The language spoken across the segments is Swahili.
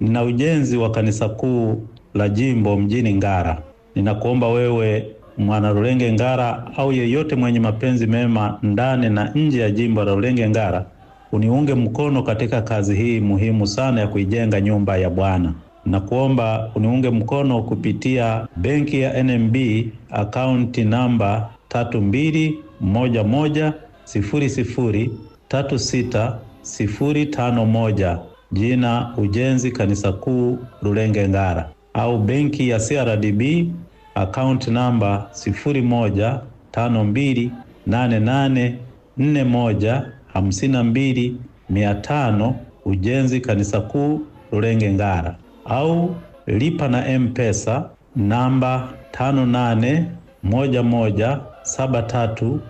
na ujenzi wa kanisa kuu la jimbo mjini Ngara. Ninakuomba wewe mwana Rulenge Ngara au yeyote mwenye mapenzi mema ndani na nje ya jimbo la Rulenge Ngara uniunge mkono katika kazi hii muhimu sana ya kuijenga nyumba ya Bwana. Nakuomba uniunge mkono kupitia benki ya NMB akaunti namba moja jina Ujenzi Kanisa Kuu Rulenge Ngara, au benki ya CRDB account namba 0152884152 Ujenzi Kanisa Kuu Rulenge Ngara, au lipa na Mpesa namba moja moja saba saba tatu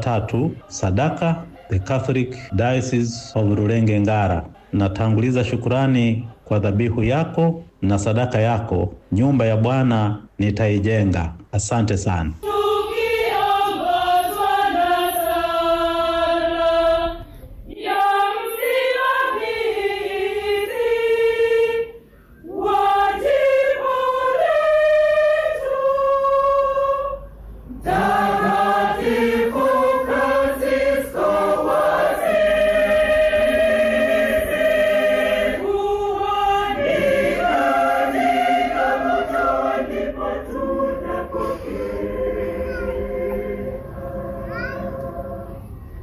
tatu sadaka the Catholic Diocese of Rulenge Ngara natanguliza shukurani kwa dhabihu yako na sadaka yako. Nyumba ya Bwana nitaijenga. Asante sana.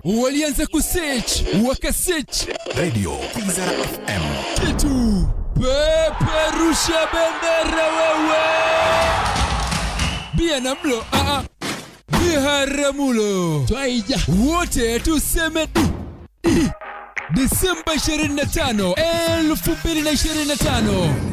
walianza kusearch wakasearch Radio Kwizera FM kitu peperusha bendera wewe bia na mlo aa biharamulo twaija wote tuseme du Disemba 25, 2025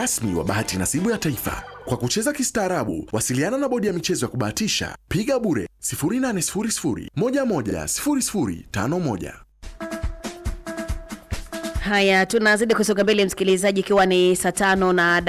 rasmi wa bahati nasibu ya taifa. Kwa kucheza kistaarabu, wasiliana na bodi ya michezo ya kubahatisha, piga bure 0800 11 0051. Haya, tunazidi kusonga mbele msikilizaji, ikiwa ni saa tano na